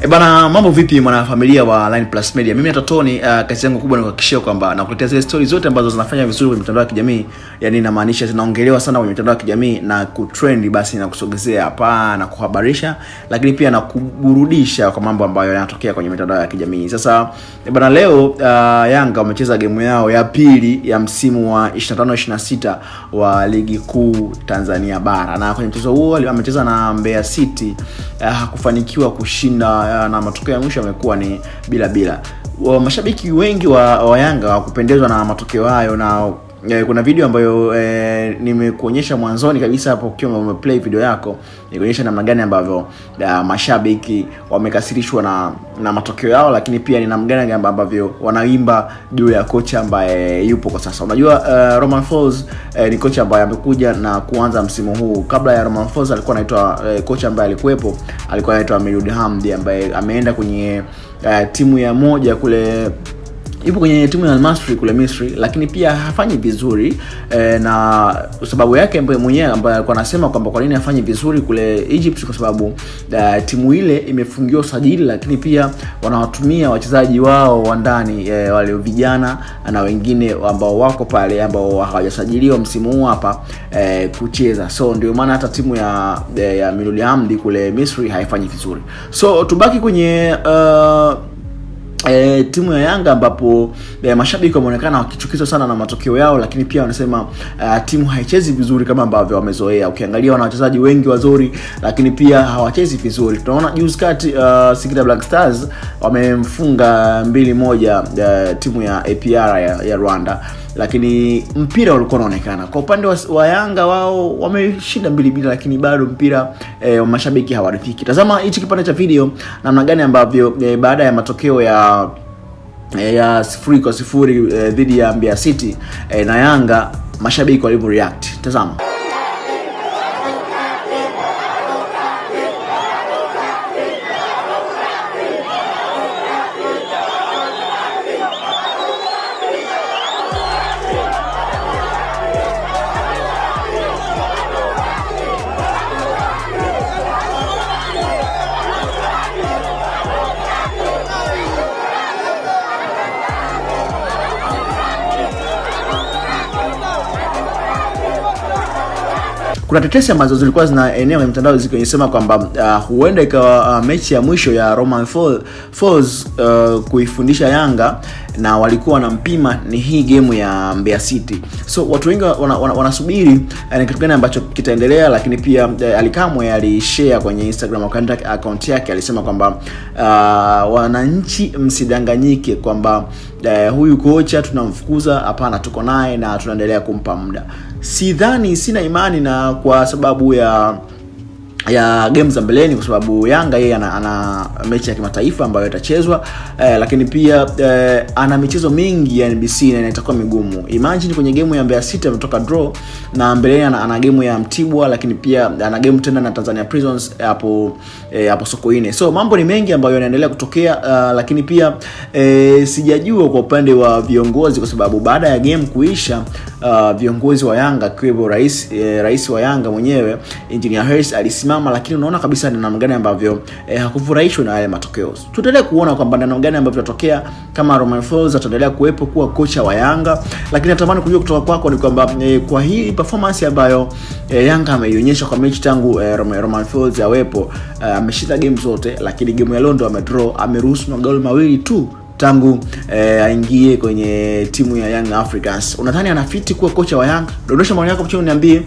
E bana, mambo vipi mwanafamilia wa Line Plus Media? Mimi hata Tony, uh, kazi yangu kubwa ni kuhakikishia kwamba nakuletea zile stories zote ambazo zinafanya vizuri kwenye mitandao ya kijamii, yaani namaanisha zinaongelewa sana kwenye mitandao ya kijamii na kutrend, basi na kusogezea hapa na kuhabarisha, lakini pia na kuburudisha kwa mambo ambayo yanatokea kwenye mitandao ya kijamii. Sasa e bana, leo uh, Yanga wamecheza game yao ya pili ya msimu wa 25 26 wa ligi kuu Tanzania bara, na kwenye mchezo huo amecheza na Mbeya City, uh, hakufanikiwa kushinda Eh, na matokeo ya mwisho yamekuwa ni bila bila. Mashabiki wengi wa, wa Yanga wakupendezwa na matokeo hayo na eh, kuna video ambayo eh, nimekuonyesha mwanzoni kabisa hapo ukiwa umeplay video yako, nikuonyesha namna gani ambavyo uh, mashabiki wamekasirishwa na na matokeo yao, lakini pia ni namna gani ambavyo wanaimba juu ya kocha ambaye yupo kwa sasa. Unajua uh, roman falls eh, ni kocha ambaye amekuja na kuanza msimu huu. Kabla ya roman falls alikuwa anaitwa eh, kocha ambaye alikuwepo alikuwa anaitwa mirud Hamdi ambaye ameenda kwenye eh, timu ya moja kule yupo kwenye timu ya Al-Masri kule Misri, lakini pia hafanyi vizuri e, na sababu yake mwenyewe ambaye alikuwa anasema kwamba kwa nini hafanyi vizuri kule Egypt, kwa sababu da, eh, timu ile imefungiwa usajili, lakini pia wanawatumia wachezaji wao wa ndani e, wale vijana na wengine ambao wako pale ambao hawajasajiliwa msimu huu hapa e, kucheza. So ndio maana hata timu ya ya Miluli kule Misri haifanyi vizuri. So tubaki kwenye uh, E, timu ya Yanga ambapo e, mashabiki wameonekana wakichukizwa sana na matokeo yao, lakini pia wanasema e, timu haichezi vizuri kama ambavyo wamezoea. Ukiangalia wana wachezaji wengi wazuri, lakini pia hawachezi vizuri. Tunaona juzi kati uh, Singida Black Stars wamemfunga mbili moja uh, timu ya APR ya, ya Rwanda lakini mpira ulikuwa unaonekana kwa upande wa, wa Yanga wao wameshinda mbili bila, lakini bado mpira e, mashabiki hawaridhiki. Tazama hichi kipande cha video namna gani ambavyo e, baada ya matokeo ya Eh, ya sifuri kwa sifuri eh, dhidi ya mbia City eh, na Yanga mashabiki walivyo react. Tazama. Kuna tetesi ambazo zilikuwa zinaenea kwenye mtandao zikisema kwamba uh, huenda ikawa uh, mechi ya mwisho ya roman Falls uh, kuifundisha Yanga na walikuwa wanampima ni hii gemu ya Mbeya City. So watu wengi wanasubiri wana, wana, eh, ni kitu gani ambacho kitaendelea, lakini pia eh, alikamwe alishea alishare kwenye Instagram account yake alisema kwamba uh, wananchi msidanganyike kwamba uh, huyu kocha tunamfukuza. Hapana, tuko naye na tunaendelea kumpa muda. Sidhani, sina imani na kwa sababu ya ya game za mbeleni kwa sababu Yanga yeye ana, ana mechi ya kimataifa ambayo itachezwa eh, lakini pia eh, ana michezo mingi ya NBC na itakuwa migumu. Imagine kwenye game ya Mbeya City ametoka draw na mbeleni ana, ana game ya Mtibwa, lakini pia ana game tena na Tanzania Prisons hapo eh, hapo Sokoine. So mambo ni mengi ambayo yanaendelea kutokea uh, lakini pia eh, sijajua kwa upande wa viongozi kwa sababu baada ya game kuisha uh, viongozi wa Yanga akiwemo rais, eh, rais wa Yanga mwenyewe Engineer Harris, alisimama, lakini unaona kabisa ni namna gani ambavyo eh, hakufurahishwa na yale matokeo. Tutaendelea kuona kwamba namna gani ambavyo tatokea kama Roman Folz ataendelea kuwepo kuwa kocha wa Yanga, lakini natamani kujua kutoka kwako ni kwamba eh, kwa hii performance ambayo eh, Yanga ameionyesha kwa mechi tangu eh, Roman Folz awepo eh, ameshinda eh, game zote, lakini game ya leo ndo amedraw, ameruhusu magoli mawili tu tangu eh, aingie kwenye timu ya Young Africans. Unadhani anafiti kuwa kocha wa yang Dondosha maoni yako mchini niambie.